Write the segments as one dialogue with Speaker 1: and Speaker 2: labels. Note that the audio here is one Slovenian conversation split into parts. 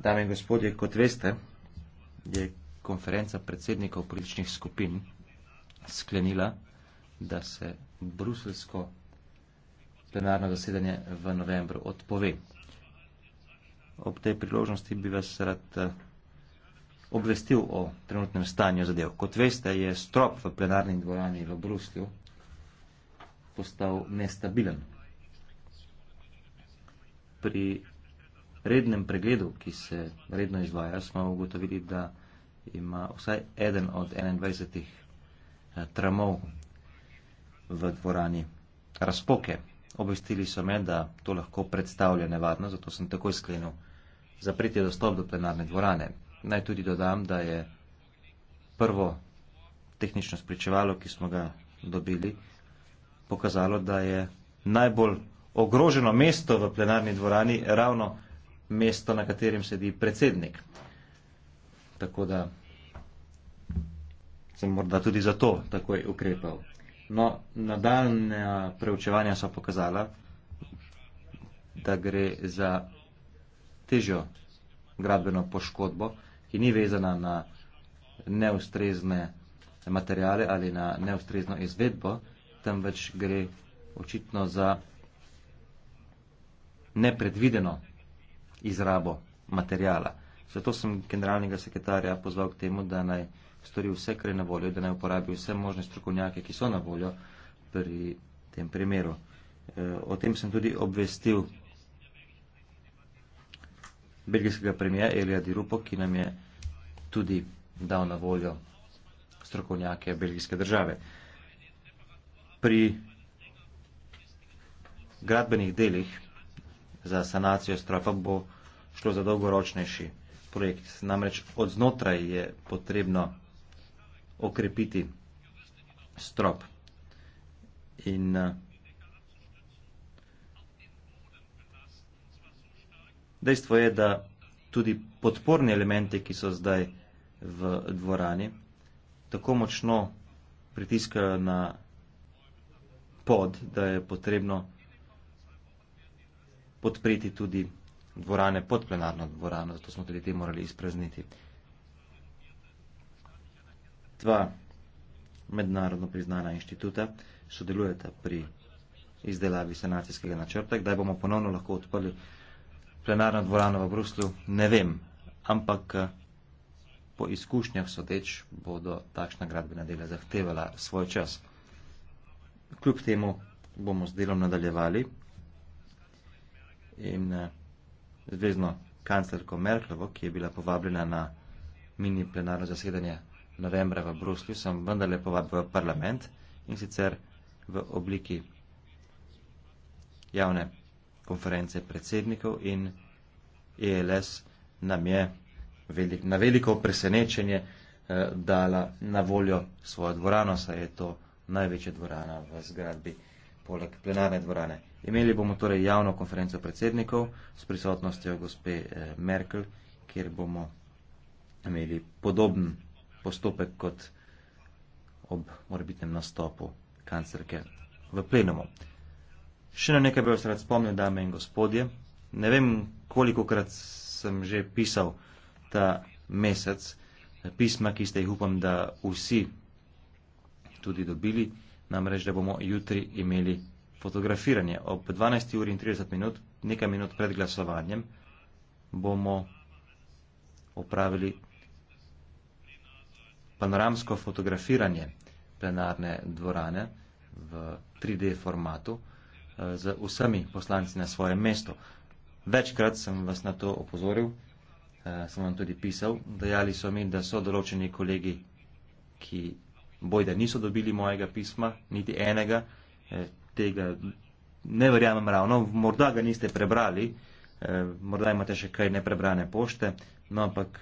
Speaker 1: Dame in gospodje, kot veste, je konferenca predsednikov političnih skupin sklenila, da se bruselsko plenarno zasedanje v novembru odpove. Ob tej priložnosti bi vas rad eh, obvestil o trenutnem stanju zadev. Kot veste, je strop v plenarni dvorani v Bruslju postal nestabilen. Pri rednem pregledu, ki se redno izvaja, smo ugotovili, da ima vsaj eden od 21 eh, tramov v dvorani razpoke. Obvestili so me, da to lahko predstavlja nevarno, zato sem takoj sklenil zapreti dostop do plenarne dvorane. Naj tudi dodam, da je prvo tehnično spričevalo, ki smo ga dobili, pokazalo, da je najbolj ogroženo mesto v plenarni dvorani ravno mesto, na katerem sedi predsednik. Tako da sem morda tudi zato takoj ukrepal. No, nadaljne preučevanja so pokazala, da gre za težjo gradbeno poškodbo, ki ni vezana na neustrezne materijale ali na neustrezno izvedbo, temveč gre očitno za nepredvideno izrabo materijala. Zato sem generalnega sekretarja pozval k temu, da naj stori vse, kar je na voljo, da naj uporabi vse možne strokovnjake, ki so na voljo pri tem primeru. E, o tem sem tudi obvestil belgijskega premija Elija Dirupo, ki nam je tudi dal na voljo strokovnjake belgijske države. Pri gradbenih delih za sanacijo strofa bo šlo za dolgoročnejši projekt. Namreč od znotraj je potrebno okrepiti strop. In eh, dejstvo je, da tudi podporni elementi, ki so zdaj v dvorani, tako močno pritiskajo na pod, da je potrebno podpreti tudi dvorane pod plenarno dvorano, zato smo tudi te morali izprezniti. Dva mednarodno priznana inštituta sodelujeta pri izdelavi sanacijskega načrta. Kdaj bomo ponovno lahko odprli plenarno dvorano v Bruslu, ne vem, ampak eh, po izkušnjah sodeč bodo takšna gradbena dela zahtevala svoj čas. Kljub temu bomo z delom nadaljevali in eh, zvezdno kanclerko Merklovo, ki je bila povabljena na mini plenarno zasedanje novembra v Bruslju, sem vendarle povabil v parlament in sicer v obliki javne konference predsednikov in ELS nam je velik, na veliko presenečenje eh, dala na voljo svojo dvorano, saj je to največja dvorana v zgradbi poleg plenarne dvorane. Imeli bomo torej javno konferenco predsednikov s prisotnostjo gospe eh, Merkel, kjer bomo imeli podoben postopek kot ob morbitnem nastopu kancerke v plenumu. Še na nekaj bi vas rad spomnil, dame in gospodje. Ne vem, koliko krat sem že pisal ta mesec eh, pisma, ki ste jih upam, da vsi tudi dobili namreč, da bomo jutri imeli fotografiranje. Ob 12. uri in 30 minut, nekaj minut pred glasovanjem, bomo opravili panoramsko fotografiranje plenarne dvorane v 3D formatu eh, z vsemi poslanci na svojem mestu. Večkrat sem vas na to opozoril, eh, sem vam tudi pisal, dejali so mi, da so določeni kolegi, ki bojda niso dobili mojega pisma, niti enega, eh, tega ne verjamem ravno, morda ga niste prebrali, eh, morda imate še kaj neprebrane pošte, no ampak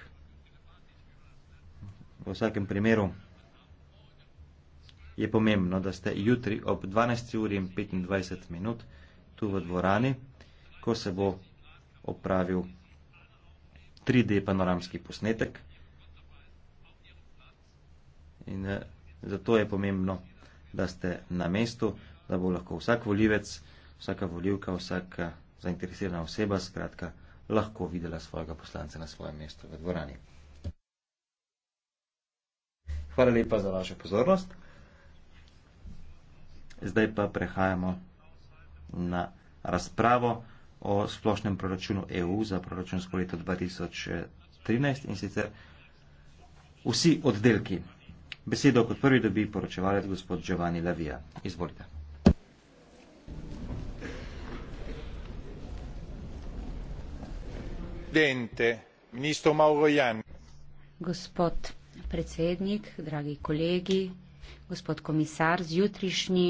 Speaker 1: v vsakem primeru je pomembno, da ste jutri ob 12. uri in 25 minut tu v dvorani, ko se bo opravil 3D panoramski posnetek. In eh, Zato je pomembno, da ste na mestu, da bo lahko vsak voljivec, vsaka voljivka, vsaka zainteresirana oseba, skratka, lahko videla svojega poslance na svojem mestu v dvorani. Hvala lepa za vašo pozornost. Zdaj pa prehajamo na razpravo o splošnem proračunu EU za proračunsko leto 2013 in sicer vsi oddelki. Besedo kot prvi dobi poročevalec gospod Giovanni Lavija. Izvolite. Gospod predsednik, dragi kolegi, gospod komisar, zjutrišnji.